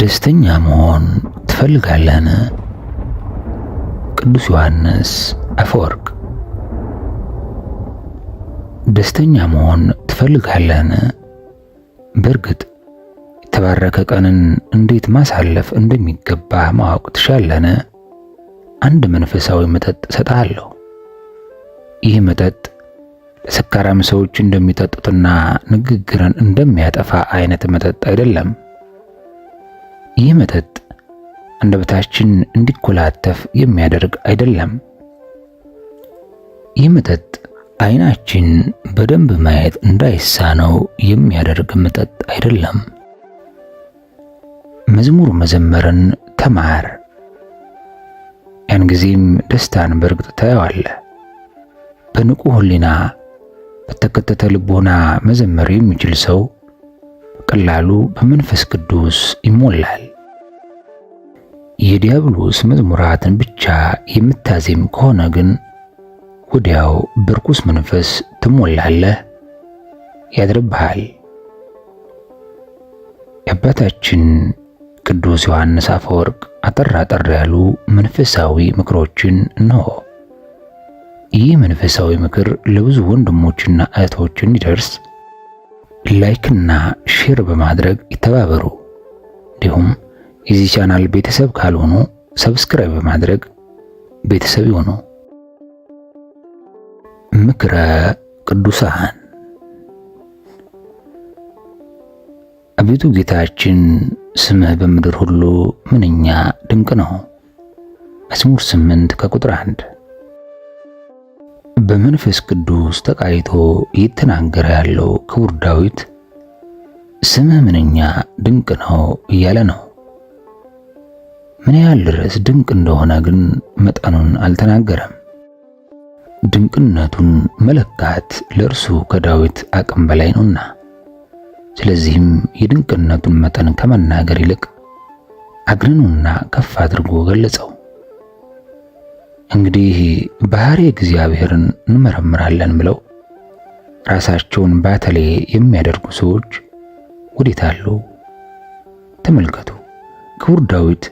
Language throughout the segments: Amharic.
ደስተኛ መሆን ትፈልጋለን ቅዱስ ዮሐንስ አፈወርቅ። ደስተኛ መሆን ትፈልጋለን በእርግጥ የተባረከ ቀንን እንዴት ማሳለፍ እንደሚገባ ማወቅ ትሻለን አንድ መንፈሳዊ መጠጥ እሰጥሃለሁ። ይህ መጠጥ ለሰካራም ሰዎች እንደሚጠጡትና ንግግርን እንደሚያጠፋ አይነት መጠጥ አይደለም። ይህ መጠጥ አንደበታችን እንዲኮላተፍ የሚያደርግ አይደለም። ይህ መጠጥ አይናችን በደንብ ማየት እንዳይሳነው የሚያደርግ መጠጥ አይደለም። መዝሙር መዘመርን ተማር። ያን ጊዜም ደስታን በርግጥ ታየዋለህ። በንቁ ሁሊና በተከተተ ልቦና መዘመር የሚችል ሰው በቀላሉ በመንፈስ ቅዱስ ይሞላል። የዲያብሎስ መዝሙራትን ብቻ የምታዜም ከሆነ ግን ወዲያው በርኩስ መንፈስ ትሞላለህ፣ ያድርብሃል። የአባታችን ቅዱስ ዮሐንስ አፈወርቅ አጠር አጠር ያሉ መንፈሳዊ ምክሮችን ነው። ይህ መንፈሳዊ ምክር ለብዙ ወንድሞችና እህቶች እንዲደርስ ላይክና ሼር በማድረግ ይተባበሩ። እንዲሁም የዚህ ቻናል ቤተሰብ ካልሆኑ ሰብስክራይብ በማድረግ ቤተሰብ ይሆኑ ምክረ ቅዱሳን አቤቱ ጌታችን ስምህ በምድር ሁሉ ምንኛ ድንቅ ነው። መዝሙር ስምንት ከቁጥር አንድ በመንፈስ ቅዱስ ተቃይቶ እየተናገረ ያለው ክቡር ዳዊት ስምህ ምንኛ ድንቅ ነው እያለ ነው። ምን ያህል ድረስ ድንቅ እንደሆነ ግን መጠኑን አልተናገረም። ድንቅነቱን መለካት ለእርሱ ከዳዊት አቅም በላይ ነውና፣ ስለዚህም የድንቅነቱን መጠን ከመናገር ይልቅ አግንኑና ከፍ አድርጎ ገለጸው። እንግዲህ ባህሪ እግዚአብሔርን እንመረምራለን ብለው ራሳቸውን ባተሌ የሚያደርጉ ሰዎች ወዴት አሉ? ተመልከቱ። ክቡር ዳዊት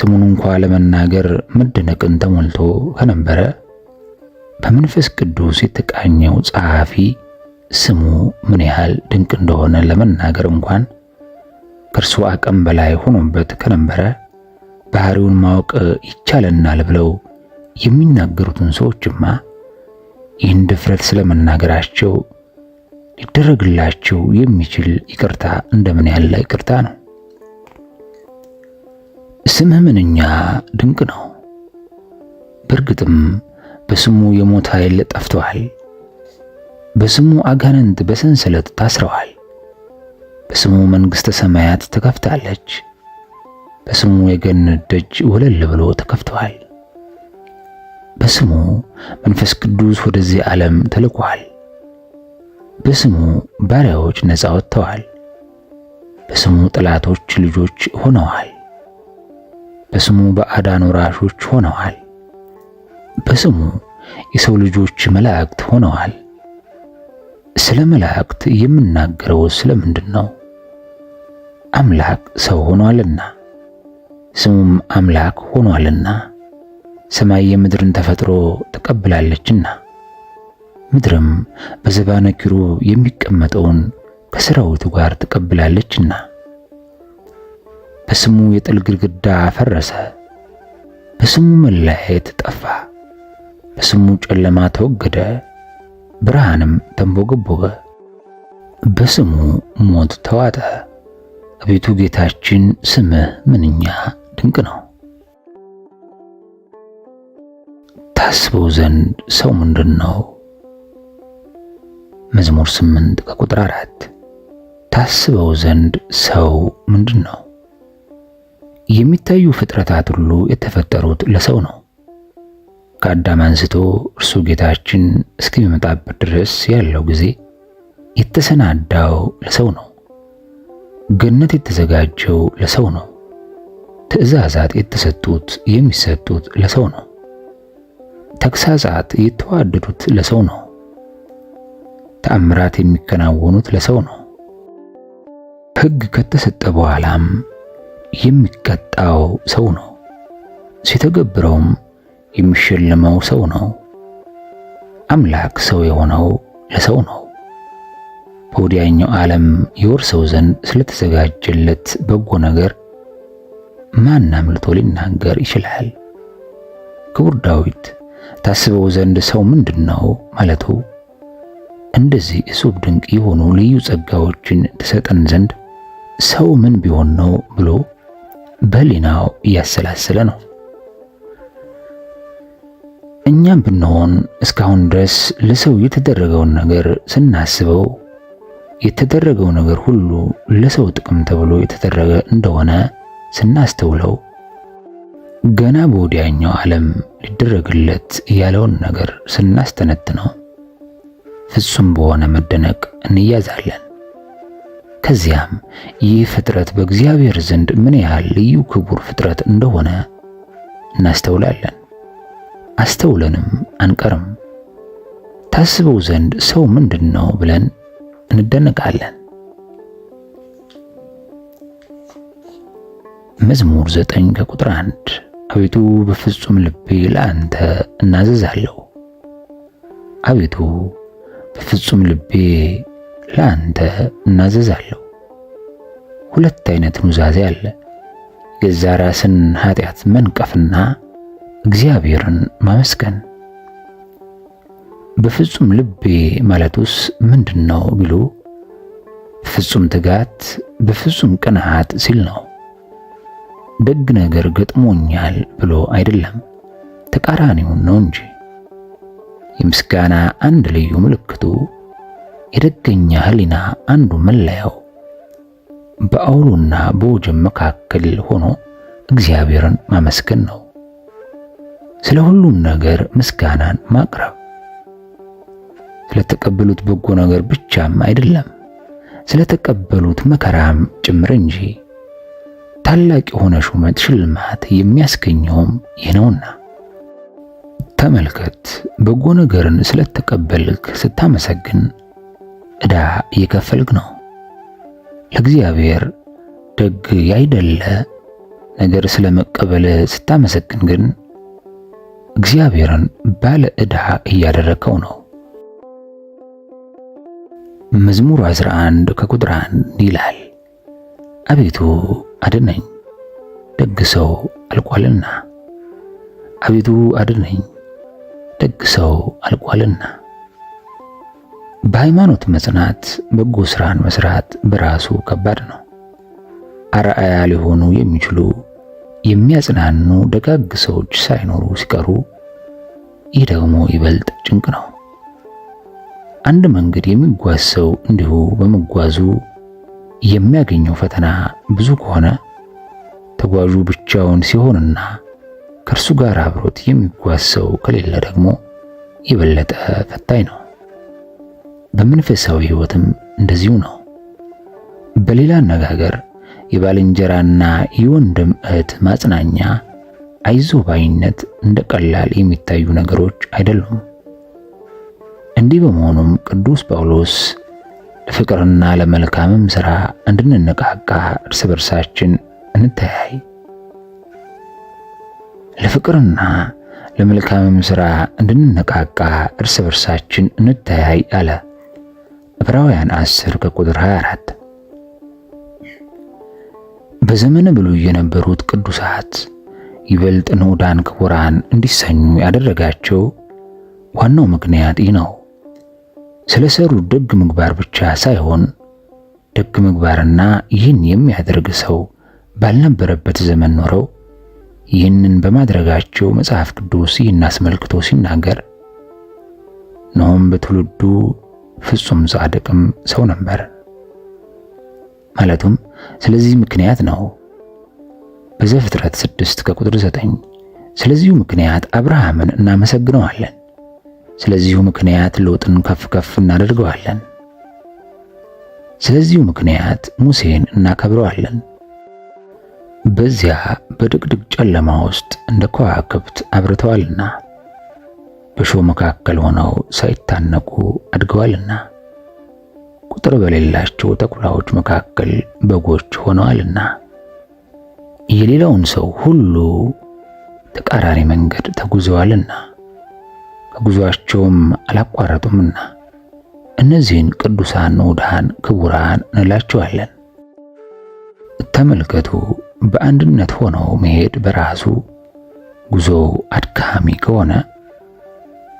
ስሙን እንኳ ለመናገር መደነቅን ተሞልቶ ከነበረ በመንፈስ ቅዱስ የተቃኘው ጸሐፊ ስሙ ምን ያህል ድንቅ እንደሆነ ለመናገር እንኳን ከእርሱ አቅም በላይ ሆኖበት ከነበረ ባህሪውን ማወቅ ይቻለናል ብለው የሚናገሩትን ሰዎችማ ይህን ድፍረት ስለመናገራቸው ሊደረግላቸው የሚችል ይቅርታ እንደምን ያለ ይቅርታ ነው። ስምህ ምንኛ ድንቅ ነው። በእርግጥም በስሙ የሞት ኃይል ጠፍተዋል። በስሙ አጋንንት በሰንሰለት ታስረዋል። በስሙ መንግሥተ ሰማያት ተከፍታለች። በስሙ የገነት ደጅ ወለል ብሎ ተከፍተዋል። በስሙ መንፈስ ቅዱስ ወደዚህ ዓለም ተልኳል። በስሙ ባሪያዎች ነፃ ወጥተዋል። በስሙ ጠላቶች ልጆች ሆነዋል። በስሙ ባዕዳን ወራሾች ሆነዋል። በስሙ የሰው ልጆች መላእክት ሆነዋል። ስለ መላእክት የምናገረው ስለምንድን ነው? አምላክ ሰው ሆኗልና ስሙም አምላክ ሆኗልና ሰማይ የምድርን ተፈጥሮ ተቀብላለችና ምድርም በዘባነ ኪሩብ የሚቀመጠውን ከሰራዊቱ ጋር ተቀብላለችና በስሙ የጥል ግድግዳ ፈረሰ፣ በስሙ መለያየት ጠፋ፣ በስሙ ጨለማ ተወገደ፣ ብርሃንም ተንቦገቦገ፣ በስሙ ሞት ተዋጠ። አቤቱ ጌታችን ስምህ ምንኛ ድንቅ ነው! ታስበው ዘንድ ሰው ምንድን ነው? መዝሙር 8 ከቁጥር 4 ታስበው ዘንድ ሰው ምንድን ነው? የሚታዩ ፍጥረታት ሁሉ የተፈጠሩት ለሰው ነው። ከአዳም አንስቶ እርሱ ጌታችን እስከሚመጣበት ድረስ ያለው ጊዜ የተሰናዳው ለሰው ነው። ገነት የተዘጋጀው ለሰው ነው። ትእዛዛት የተሰጡት የሚሰጡት ለሰው ነው። ተግሳጻት የተዋደዱት ለሰው ነው። ተአምራት የሚከናወኑት ለሰው ነው። ሕግ ከተሰጠ በኋላም የሚቀጣው ሰው ነው። ሲተገብረውም የሚሸለመው ሰው ነው። አምላክ ሰው የሆነው ለሰው ነው። በወዲያኛው ዓለም የወርሰው ዘንድ ስለተዘጋጀለት በጎ ነገር ማን አምልቶ ሊናገር ይችላል? ክቡር ዳዊት ታስበው ዘንድ ሰው ምንድን ነው ማለቱ እንደዚህ እሱብ ድንቅ የሆኑ ልዩ ጸጋዎችን ትሰጠን ዘንድ ሰው ምን ቢሆን ነው ብሎ በሊናው እያሰላሰለ ነው። እኛም ብንሆን እስካሁን ድረስ ለሰው የተደረገውን ነገር ስናስበው የተደረገው ነገር ሁሉ ለሰው ጥቅም ተብሎ የተደረገ እንደሆነ ስናስተውለው ገና በወዲያኛው ዓለም ሊደረግለት ያለውን ነገር ስናስተነትነው ፍጹም በሆነ መደነቅ እንያዛለን። ከዚያም ይህ ፍጥረት በእግዚአብሔር ዘንድ ምን ያህል ልዩ ክቡር ፍጥረት እንደሆነ እናስተውላለን። አስተውለንም አንቀርም። ታስበው ዘንድ ሰው ምንድን ነው ብለን እንደነቃለን። መዝሙር ዘጠኝ ከቁጥር አንድ አቤቱ በፍጹም ልቤ ለአንተ እናዘዛለሁ። አቤቱ በፍጹም ልቤ ለአንተ እናዘዛለሁ። ሁለት አይነት ኑዛዜ አለ። የገዛ ራስን ኃጢአት መንቀፍና እግዚአብሔርን ማመስገን። በፍጹም ልቤ ማለቱስ ምንድን ነው ቢሉ፣ በፍጹም ትጋት፣ በፍጹም ቅንዓት ሲል ነው። ደግ ነገር ገጥሞኛል ብሎ አይደለም፣ ተቃራኒውን ነው እንጂ። የምስጋና አንድ ልዩ ምልክቱ፣ የደገኛ ህሊና አንዱ መለያው በአውሉና በወጀብ መካከል ሆኖ እግዚአብሔርን ማመስገን ነው። ስለ ሁሉም ነገር ምስጋናን ማቅረብ ስለተቀበሉት በጎ ነገር ብቻም አይደለም፣ ስለተቀበሉት መከራም ጭምር እንጂ ታላቅ የሆነ ሹመት ሽልማት የሚያስገኘውም ይህ ነውና ተመልከት። በጎ ነገርን ስለተቀበልክ ስታመሰግን ዕዳ እየከፈልክ ነው። ለእግዚአብሔር ደግ ያይደለ ነገር ስለመቀበል ስታመሰግን ግን እግዚአብሔርን ባለ ዕዳ እያደረከው ነው። መዝሙር 11 ከቁጥር 1 ይላል አቤቱ አድነኝ፣ ደግ ሰው አልቋልና። አቤቱ አድነኝ፣ ደግ ሰው አልቋልና። በሃይማኖት መጽናት በጎ ስራን መስራት በራሱ ከባድ ነው። አርአያ ሊሆኑ የሚችሉ የሚያጽናኑ ደጋግ ሰዎች ሳይኖሩ ሲቀሩ፣ ይህ ደግሞ ይበልጥ ጭንቅ ነው። አንድ መንገድ የሚጓዝ ሰው እንዲሁ በመጓዙ የሚያገኘው ፈተና ብዙ ከሆነ ተጓዡ ብቻውን ሲሆንና ከእርሱ ጋር አብሮት የሚጓዝ ሰው ከሌለ ደግሞ የበለጠ ፈታኝ ነው። በመንፈሳዊ ሕይወትም እንደዚሁ ነው። በሌላ አነጋገር የባልንጀራና የወንድም እህት ማጽናኛ፣ አይዞ ባይነት እንደ ቀላል የሚታዩ ነገሮች አይደሉም። እንዲህ በመሆኑም ቅዱስ ጳውሎስ ለፍቅርና ለመልካምም ሥራ እንድንነቃቃ እርስ በርሳችን እንተያይ። ለፍቅርና ለመልካምም ስራ እንድንነቃቃ እርስ በርሳችን እንተያይ ለፍቅርና ለመልካምም ስራ እንድንነቃቃ እርስ በርሳችን እንተያይ አለ ዕብራውያን 10 ከቁጥር 24። በዘመነ ብሉይ የነበሩት ቅዱሳት ይበልጥ ንዑዳን ክቡራን እንዲሰኙ ያደረጋቸው ዋናው ምክንያት ይህ ነው። ስለሰሩ ደግ ምግባር ብቻ ሳይሆን ደግ ምግባርና ይህን የሚያደርግ ሰው ባልነበረበት ዘመን ኖረው ይህንን በማድረጋቸው መጽሐፍ ቅዱስ ይህን አስመልክቶ ሲናገር ኖኅም በትውልዱ ፍጹም ጻድቅም ሰው ነበር ማለቱም ስለዚህ ምክንያት ነው። በዘፍጥረት 6 ከቁጥር 9 ስለዚሁ ምክንያት አብርሃምን እናመሰግነዋለን። ስለዚሁ ምክንያት ሎጥን ከፍ ከፍ እናደርገዋለን። ስለዚሁ ምክንያት ሙሴን እናከብረዋለን። በዚያ በድቅድቅ ጨለማ ውስጥ እንደ ከዋክብት አብርተዋልና በእሾህ መካከል ሆነው ሳይታነቁ አድገዋልና ቁጥር በሌላቸው ተኩላዎች መካከል በጎች ሆነዋልና የሌላውን ሰው ሁሉ ተቃራኒ መንገድ ተጉዘዋልና ጉዟቸውም አላቋረጡምና እነዚህን ቅዱሳን ንዑዳን ክቡራን እንላቸዋለን። ተመልከቱ፣ በአንድነት ሆነው መሄድ በራሱ ጉዞው አድካሚ ከሆነ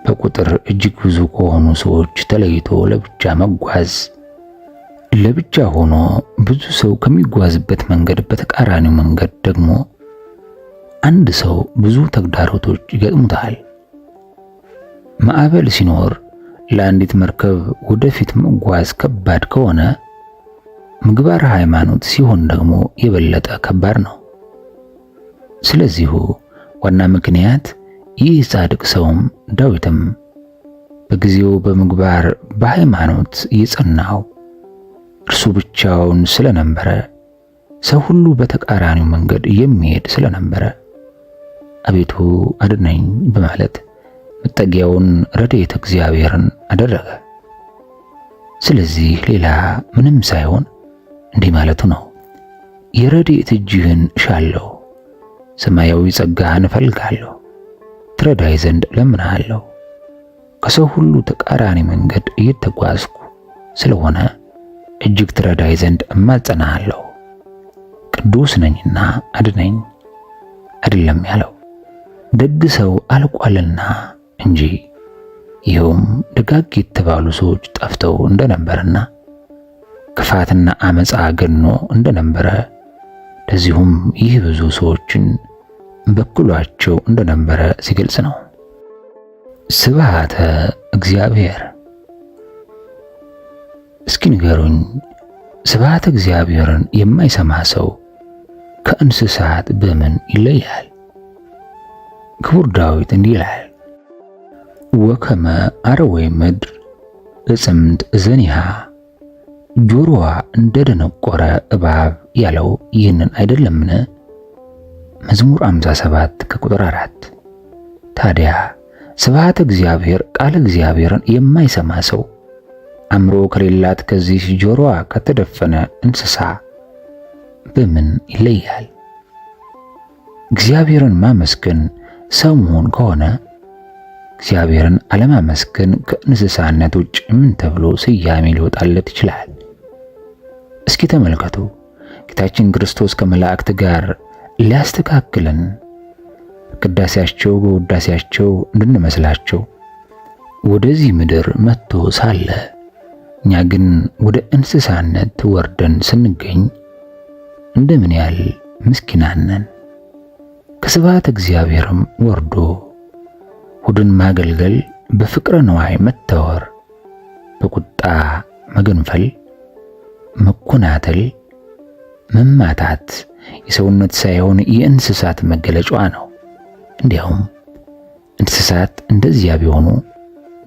በቁጥር እጅግ ብዙ ከሆኑ ሰዎች ተለይቶ ለብቻ መጓዝ ለብቻ ሆኖ ብዙ ሰው ከሚጓዝበት መንገድ በተቃራኒው መንገድ ደግሞ አንድ ሰው ብዙ ተግዳሮቶች ይገጥሙታል። ማዕበል ሲኖር ለአንዲት መርከብ ወደፊት መጓዝ ከባድ ከሆነ ምግባር ሃይማኖት ሲሆን ደግሞ የበለጠ ከባድ ነው። ስለዚሁ ዋና ምክንያት ይህ ጻድቅ ሰውም ዳዊትም በጊዜው በምግባር በሃይማኖት የጸናው እርሱ ብቻውን ስለነበረ ሰው ሁሉ በተቃራኒው መንገድ የሚሄድ ስለነበረ አቤቱ አድነኝ በማለት መጠጊያውን ረድኤተ እግዚአብሔርን አደረገ። ስለዚህ ሌላ ምንም ሳይሆን እንዲህ ማለቱ ነው፣ የረድኤት እጅህን እሻለሁ፣ ሰማያዊ ጸጋህን እፈልጋለሁ፣ ትረዳይ ዘንድ እለምንሃለሁ። ከሰው ሁሉ ተቃራኒ መንገድ እየተጓዝኩ ስለሆነ እጅግ ትረዳይ ዘንድ እማጸናሃለሁ። ቅዱስ ነኝና አድነኝ አይደለም ያለው፣ ደግ ሰው አልቋልና እንጂ ይኸውም ደጋግ የተባሉ ሰዎች ጠፍተው እንደነበረና ክፋትና አመፃ ገኖ እንደነበረ ለዚሁም ይህ ብዙ ሰዎችን በኩሏቸው እንደነበረ ሲገልጽ ነው። ስብሃተ እግዚአብሔር። እስኪ ንገሩኝ፣ ስብሃተ እግዚአብሔርን የማይሰማ ሰው ከእንስሳት በምን ይለያል? ክቡር ዳዊት እንዲህ ይላል ወከመ አረወይ ምድር እጽምት ዘኒሃ ጆሮዋ እንደደነቆረ እባብ ያለው ይህንን አይደለምን? መዝሙር 57 ከቁጥር 4። ታዲያ ስብሃት እግዚአብሔር ቃል እግዚአብሔርን የማይሰማ ሰው አእምሮ ከሌላት ከዚህ ጆሮዋ ከተደፈነ እንስሳ በምን ይለያል? እግዚአብሔርን ማመስገን ሰው መሆን ከሆነ እግዚአብሔርን አለማመስገን ከእንስሳነት ውጭ ምን ተብሎ ስያሜ ሊወጣለት ይችላል? እስኪ ተመልከቱ። ጌታችን ክርስቶስ ከመላእክት ጋር ሊያስተካክለን ቅዳሴያቸው በውዳሴያቸው እንድንመስላቸው ወደዚህ ምድር መጥቶ ሳለ እኛ ግን ወደ እንስሳነት ወርደን ስንገኝ እንደምን ያህል ምስኪናነን? ነን! ከስብሐት እግዚአብሔርም ወርዶ ቡድን ማገልገል በፍቅረ ነዋይ መታወር፣ በቁጣ መገንፈል፣ መኮናተል፣ መማታት የሰውነት ሳይሆን የእንስሳት መገለጫዋ ነው። እንዲያውም እንስሳት እንደዚያ ቢሆኑ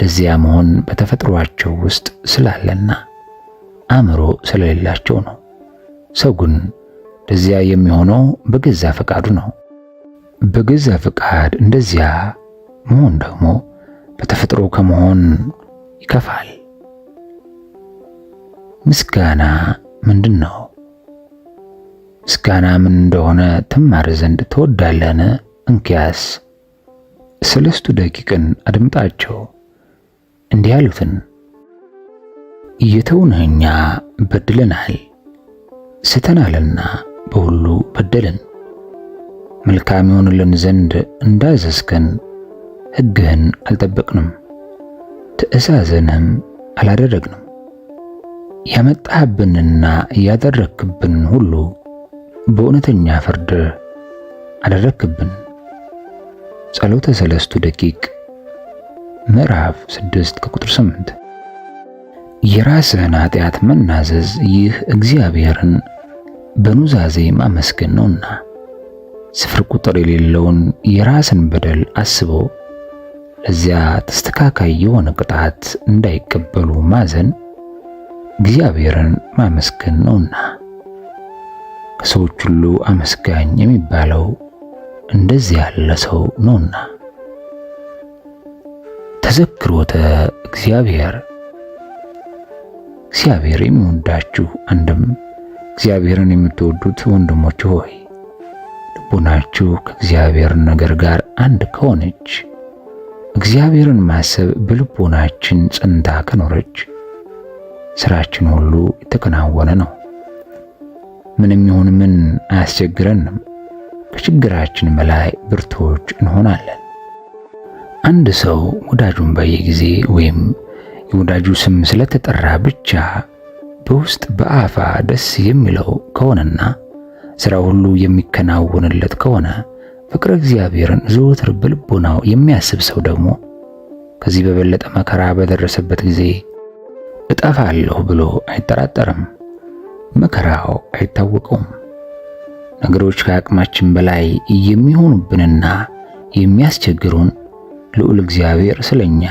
ለዚያ መሆን በተፈጥሯቸው ውስጥ ስላለና አእምሮ ስለሌላቸው ነው። ሰው ግን ለዚያ የሚሆነው በገዛ ፈቃዱ ነው። በገዛ ፈቃድ እንደዚያ መሆን ደግሞ በተፈጥሮ ከመሆን ይከፋል። ምስጋና ምንድን ነው? ምስጋና ምን እንደሆነ ትማር ዘንድ ትወዳለህን? እንኪያስ ሰለስቱ ደቂቅን አድምጣቸው። እንዲህ ያሉትን እየተውንህ በድለናል፣ ስተናልና በሁሉ በደልን፣ መልካም ይሆንልን ዘንድ እንዳዘዝከን ሕግህን አልጠበቅንም፣ ትእዛዝህንም አላደረግንም። ያመጣህብንና ያደረክብን ሁሉ በእውነተኛ ፍርድ አደረክብን። ጸሎተ ሰለስቱ ደቂቅ ምዕራፍ 6 ከቁጥር 8 የራስህን ኃጢአት መናዘዝ ይህ እግዚአብሔርን በኑዛዜ ማመስገን ነውና ስፍር ቁጥር የሌለውን የራስን በደል አስቦ ለዚያ ተስተካካይ የሆነ ቅጣት እንዳይቀበሉ ማዘን እግዚአብሔርን ማመስገን ነውና። ከሰዎች ሁሉ አመስጋኝ የሚባለው እንደዚህ ያለ ሰው ነውና። ተዘክሮተ እግዚአብሔር እግዚአብሔር የሚወዳችሁ አንድም እግዚአብሔርን የምትወዱት ወንድሞች ሆይ ልቡናችሁ ከእግዚአብሔር ነገር ጋር አንድ ከሆነች እግዚአብሔርን ማሰብ በልቦናችን ጸንታ ከኖረች ስራችን ሁሉ የተከናወነ ነው። ምንም ይሁን ምን አያስቸግረንም። ከችግራችን በላይ ብርቶች እንሆናለን። አንድ ሰው ወዳጁን በየጊዜ ወይም የወዳጁ ስም ስለተጠራ ብቻ በውስጥ በአፋ ደስ የሚለው ከሆነና ስራ ሁሉ የሚከናወንለት ከሆነ ፍቅረ እግዚአብሔርን ዘወትር በልቦናው የሚያስብ ሰው ደግሞ ከዚህ በበለጠ መከራ በደረሰበት ጊዜ እጠፋለሁ ብሎ አይጠራጠርም። መከራው አይታወቀውም። ነገሮች ከአቅማችን በላይ የሚሆኑብንና የሚያስቸግሩን ልዑል እግዚአብሔር ስለኛ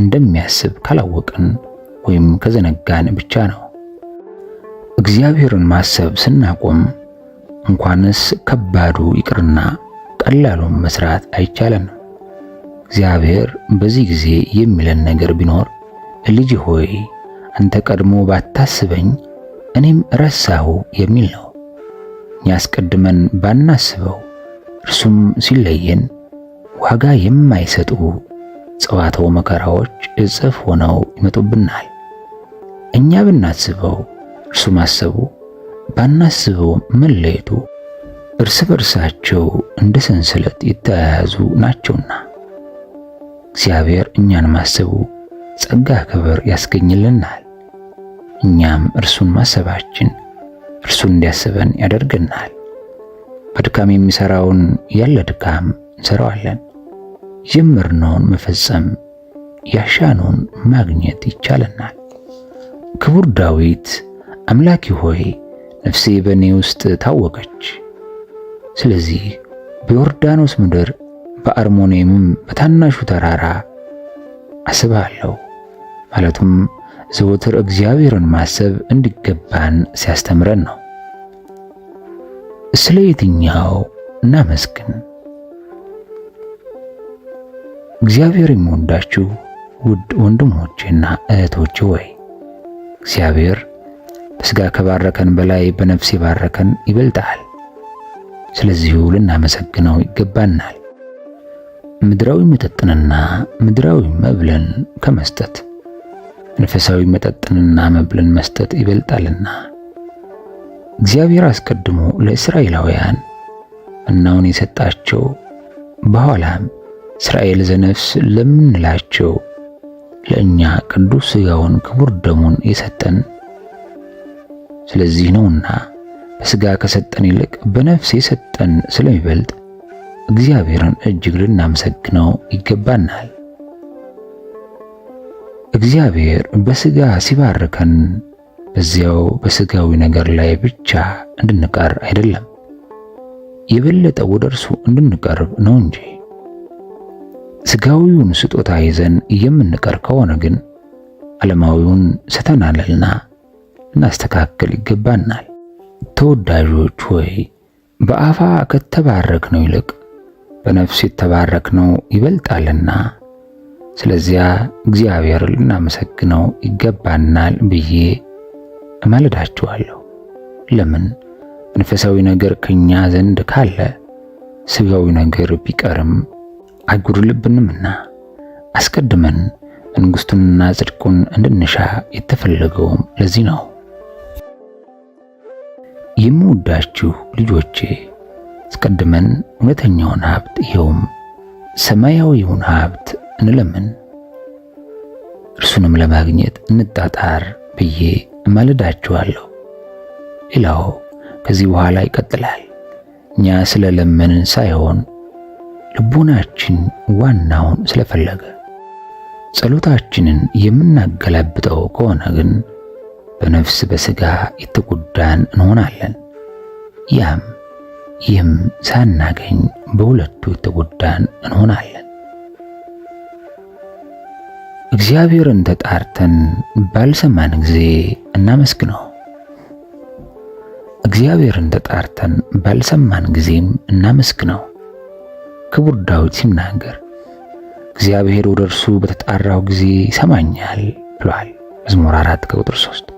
እንደሚያስብ ካላወቅን ወይም ከዘነጋን ብቻ ነው። እግዚአብሔርን ማሰብ ስናቆም እንኳንስ ከባዱ ይቅርና በቀላሉም መስራት አይቻለንም። እግዚአብሔር በዚህ ጊዜ የሚለን ነገር ቢኖር ልጅ ሆይ አንተ ቀድሞ ባታስበኝ እኔም ረሳሁ የሚል ነው። እኛ አስቀድመን ባናስበው እርሱም ሲለየን ዋጋ የማይሰጡ ጸዋተው መከራዎች እጽፍ ሆነው ይመጡብናል። እኛ ብናስበው እርሱ ማሰቡ ባናስበው መለየቱ እርስ በርሳቸው እንደ ሰንሰለት የተያያዙ ናቸውና እግዚአብሔር እኛን ማሰቡ ጸጋ ክብር ያስገኝልናል። እኛም እርሱን ማሰባችን እርሱን እንዲያስበን ያደርገናል። በድካም የሚሰራውን ያለ ድካም እንሰራዋለን። የጀመርነውን መፈጸም ያሻነውን ማግኘት ይቻለናል። ክቡር ዳዊት አምላኪ ሆይ ነፍሴ በእኔ ውስጥ ታወቀች ስለዚህ በዮርዳኖስ ምድር በአርሞኔምም በታናሹ ተራራ አስባለሁ ማለቱም ዘወትር እግዚአብሔርን ማሰብ እንዲገባን ሲያስተምረን ነው። ስለ የትኛው እናመስግን? እግዚአብሔር የሚወዳችሁ ውድ ወንድሞቼና እህቶቼ ወይ እግዚአብሔር በሥጋ ከባረከን በላይ በነፍስ የባረከን ይበልጣል። ስለዚሁ ልናመሰግነው ይገባናል። ምድራዊ መጠጥንና ምድራዊ መብልን ከመስጠት መንፈሳዊ መጠጥንና መብልን መስጠት ይበልጣልና እግዚአብሔር አስቀድሞ ለእስራኤላውያን እናውን የሰጣቸው በኋላም እስራኤል ዘነፍስ ለምንላቸው ለእኛ ቅዱስ ሥጋውን ክቡር ደሙን የሰጠን ስለዚህ ነውና ሥጋ ከሰጠን ይልቅ በነፍስ የሰጠን ስለሚበልጥ እግዚአብሔርን እጅግ ልናመሰግነው ይገባናል። እግዚአብሔር በሥጋ ሲባርከን በዚያው በሥጋዊ ነገር ላይ ብቻ እንድንቀር አይደለም፣ የበለጠ ወደ እርሱ እንድንቀርብ ነው እንጂ። ሥጋዊውን ስጦታ ይዘን የምንቀር ከሆነ ግን ዓለማዊውን ስተናልና ልናስተካክል ይገባናል። ተወዳጆች ሆይ በአፋ ከተባረክነው ይልቅ በነፍስ የተባረክነው ይበልጣልና ስለዚያ እግዚአብሔር ልናመሰግነው ይገባናል ብዬ እማልዳችኋለሁ። ለምን መንፈሳዊ ነገር ከኛ ዘንድ ካለ ስጋዊ ነገር ቢቀርም አይጎድልብንምና አስቀድመን መንግሥቱንና ጽድቁን እንድንሻ የተፈለገውም ለዚህ ነው። የምወዳችሁ ልጆቼ አስቀድመን እውነተኛውን ሀብት ይኸውም ሰማያዊውን ሀብት እንለምን እርሱንም ለማግኘት እንጣጣር ብዬ እማልዳችኋለሁ። ሌላው ከዚህ በኋላ ይቀጥላል። እኛ ስለ ለመንን ሳይሆን ልቦናችን ዋናውን ስለፈለገ ጸሎታችንን የምናገላብጠው ከሆነ ግን በነፍስ በስጋ የተጎዳን እንሆናለን። ያም ይህም ሳናገኝ በሁለቱ የተጎዳን እንሆናለን። እግዚአብሔርን ተጣርተን ባልሰማን ጊዜ እናመስግነው። እግዚአብሔርን ተጣርተን ባልሰማን ጊዜም እናመስግነው። ክቡር ዳዊት ሲናገር እግዚአብሔር ወደ እርሱ በተጣራው ጊዜ ይሰማኛል ብሏል። መዝሙር 4 ቁጥር 3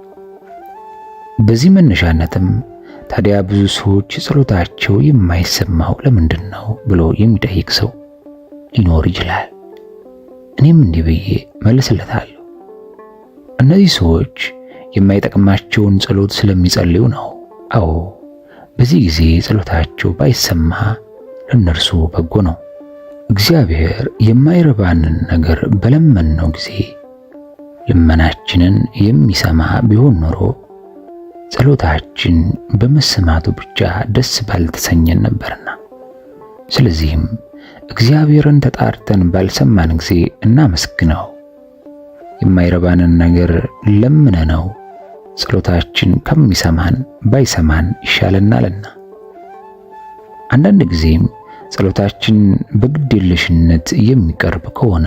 በዚህ መነሻነትም ታዲያ ብዙ ሰዎች ጸሎታቸው የማይሰማው ለምንድን ነው ብሎ የሚጠይቅ ሰው ሊኖር ይችላል። እኔም እንዲህ ብዬ መልስለታለሁ። እነዚህ ሰዎች የማይጠቅማቸውን ጸሎት ስለሚጸልዩ ነው። አዎ፣ በዚህ ጊዜ ጸሎታቸው ባይሰማ ለእነርሱ በጎ ነው። እግዚአብሔር የማይረባንን ነገር በለመንነው ጊዜ ልመናችንን የሚሰማ ቢሆን ኖሮ ጸሎታችን በመሰማቱ ብቻ ደስ ባልተሰኘን ነበርና፣ ስለዚህም እግዚአብሔርን ተጣርተን ባልሰማን ጊዜ እናመስግነው። የማይረባንን ነገር ለምነነው ጸሎታችን ከሚሰማን ባይሰማን ይሻለናልና። አንዳንድ ጊዜም ጸሎታችን በግዴለሽነት የሚቀርብ ከሆነ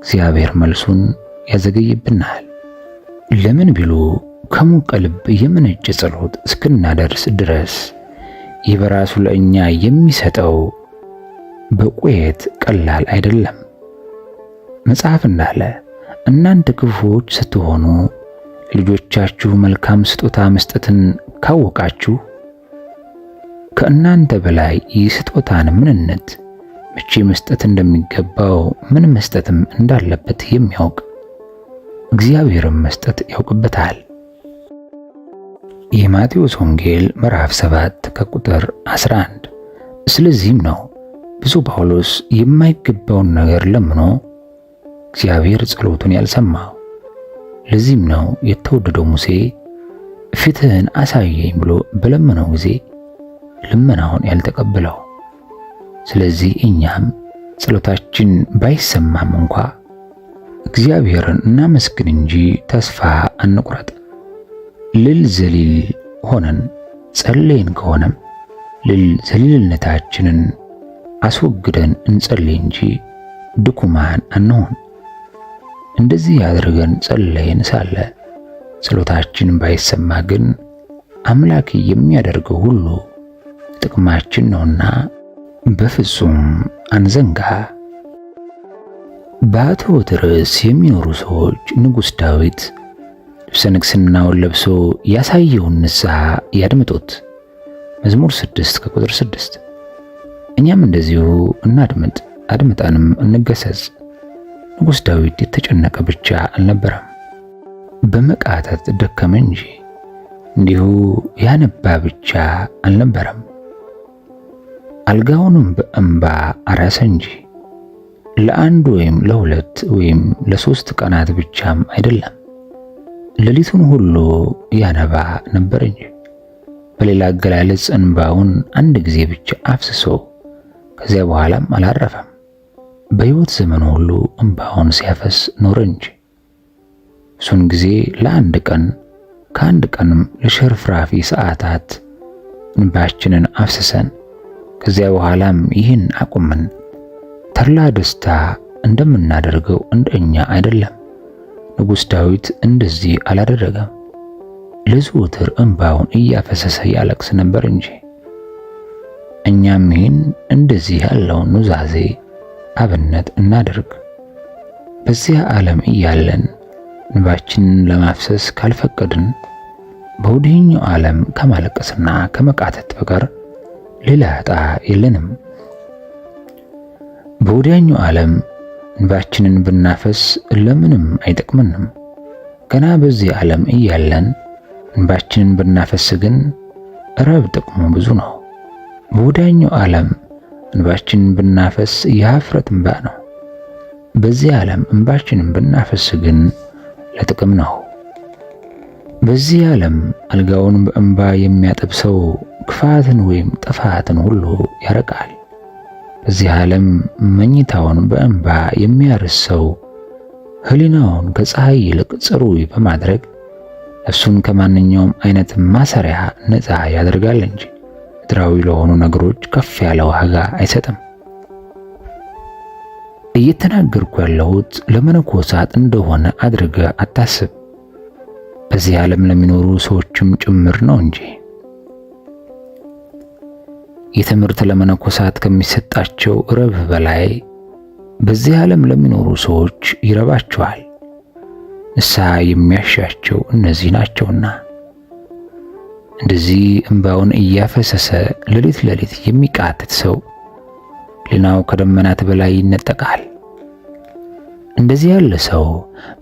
እግዚአብሔር መልሱን ያዘገይብናል። ለምን ቢሉ ከሞቀ ልብ የመነጨ ጸሎት እስክናደርስ ድረስ ይህ በራሱ ለእኛ የሚሰጠው በቁየት ቀላል አይደለም። መጽሐፍ እንዳለ እናንተ ክፉዎች ስትሆኑ ልጆቻችሁ መልካም ስጦታ መስጠትን ካወቃችሁ ከእናንተ በላይ ይህ ስጦታን ምንነት መቼ መስጠት እንደሚገባው ምን መስጠትም እንዳለበት የሚያውቅ እግዚአብሔርም መስጠት ያውቅበታል። የማቴዎስ ወንጌል ምዕራፍ 7 ከቁጥር 11። ስለዚህም ነው ብዙ ጳውሎስ የማይገባውን ነገር ለምኖ እግዚአብሔር ጸሎቱን ያልሰማው። ለዚህም ነው የተወደደው ሙሴ ፊትህን አሳየኝ ብሎ በለመነው ጊዜ ልመናውን ያልተቀበለው። ስለዚህ እኛም ጸሎታችን ባይሰማም እንኳ እግዚአብሔርን እናመስግን እንጂ ተስፋ አንቁረጥ። ልል ዘሊል ሆነን ጸለይን ከሆነም ልል ዘሊልነታችንን አስወግደን እንጸልይ እንጂ ድኩማን አንሆን። እንደዚህ አድርገን ጸለይን ሳለ ጸሎታችን ባይሰማ ግን አምላክ የሚያደርገው ሁሉ ጥቅማችን ነውና በፍጹም አንዘንጋ። በአትቦት ርዕስ የሚኖሩ ሰዎች ንጉሥ ዳዊት ልብሰ ንግሥናውን ለብሶ ያሳየውን ንስሐ ያድምጡት። መዝሙር ስድስት ከቁጥር ስድስት እኛም እንደዚሁ እናድምጥ፣ አድምጠንም እንገሰጽ። ንጉሥ ዳዊት የተጨነቀ ብቻ አልነበረም። በመቃተት ደከመ እንጂ እንዲሁ ያነባ ብቻ አልነበረም። አልጋውንም በእንባ አራሰ እንጂ ለአንድ ወይም ለሁለት ወይም ለሶስት ቀናት ብቻም አይደለም ሌሊቱን ሁሉ ያነባ ነበር እንጂ በሌላ አገላለጽ እንባውን አንድ ጊዜ ብቻ አፍስሶ ከዚያ በኋላም አላረፈም። በሕይወት ዘመኑ ሁሉ እንባውን ሲያፈስ ኖረ እንጂ እሱን ጊዜ ለአንድ ቀን ከአንድ ቀንም ለሽርፍራፊ ሰዓታት እንባችንን አፍስሰን ከዚያ በኋላም ይህን አቁምን ተርላ ደስታ እንደምናደርገው እንደኛ አይደለም። ንጉሥ ዳዊት እንደዚህ አላደረገም። ለዘወትር እንባውን እያፈሰሰ ያለቅስ ነበር እንጂ። እኛም ይህን እንደዚህ ያለውን ኑዛዜ አብነት እናደርግ። በዚያ ዓለም እያለን እንባችንን ለማፍሰስ ካልፈቀድን በወዲህኛው ዓለም ከማለቀስና ከመቃተት በቀር ሌላ ዕጣ የለንም። በወዲያኛው ዓለም እንባችንን ብናፈስ ለምንም አይጠቅመንም። ገና በዚህ ዓለም እያለን እንባችንን ብናፈስ ግን ረብ ጥቅሙ ብዙ ነው። በወዳኛው ዓለም እንባችንን ብናፈስ የሀፍረት እንባ ነው። በዚህ ዓለም እንባችንን ብናፈስ ግን ለጥቅም ነው። በዚህ ዓለም አልጋውን በእንባ የሚያጠብ ሰው ክፋትን ወይም ጥፋትን ሁሉ ያረቃል። በዚህ ዓለም መኝታውን በእንባ የሚያርስ ሰው ሕሊናውን ከፀሐይ ይልቅ ጽሩይ በማድረግ እሱን ከማንኛውም አይነት ማሰሪያ ነፃ ያደርጋል እንጂ ምድራዊ ለሆኑ ነገሮች ከፍ ያለ ዋጋ አይሰጥም። እየተናገርኩ ያለሁት ለመነኮሳት እንደሆነ አድርገ አታስብ። በዚህ ዓለም ለሚኖሩ ሰዎችም ጭምር ነው እንጂ የትምህርት ለመነኮሳት ከሚሰጣቸው ረብ በላይ በዚህ ዓለም ለሚኖሩ ሰዎች ይረባቸዋል። ንስሐ የሚያሻቸው እነዚህ ናቸውና። እንደዚህ እምባውን እያፈሰሰ ሌሊት ሌሊት የሚቃትት ሰው ሌናው ከደመናት በላይ ይነጠቃል። እንደዚህ ያለ ሰው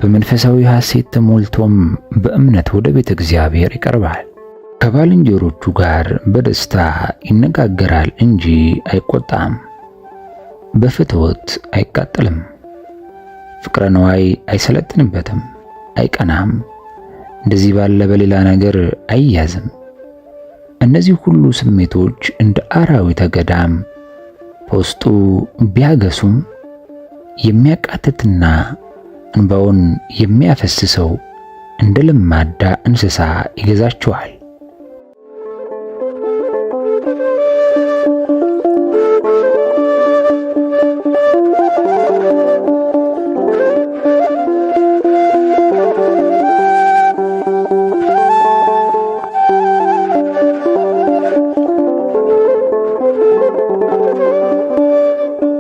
በመንፈሳዊ ሐሴት ተሞልቶም በእምነት ወደ ቤተ እግዚአብሔር ይቀርባል። ከባልንጀሮቹ ጋር በደስታ ይነጋገራል እንጂ አይቆጣም። በፍትወት አይቃጠልም። ፍቅረ ነዋይ አይሰለጥንበትም፣ አይቀናም። እንደዚህ ባለ በሌላ ነገር አይያዝም። እነዚህ ሁሉ ስሜቶች እንደ አራዊተ ገዳም በውስጡ ቢያገሱም የሚያቃትትና እንባውን የሚያፈስሰው እንደ ለማዳ እንስሳ ይገዛቸዋል።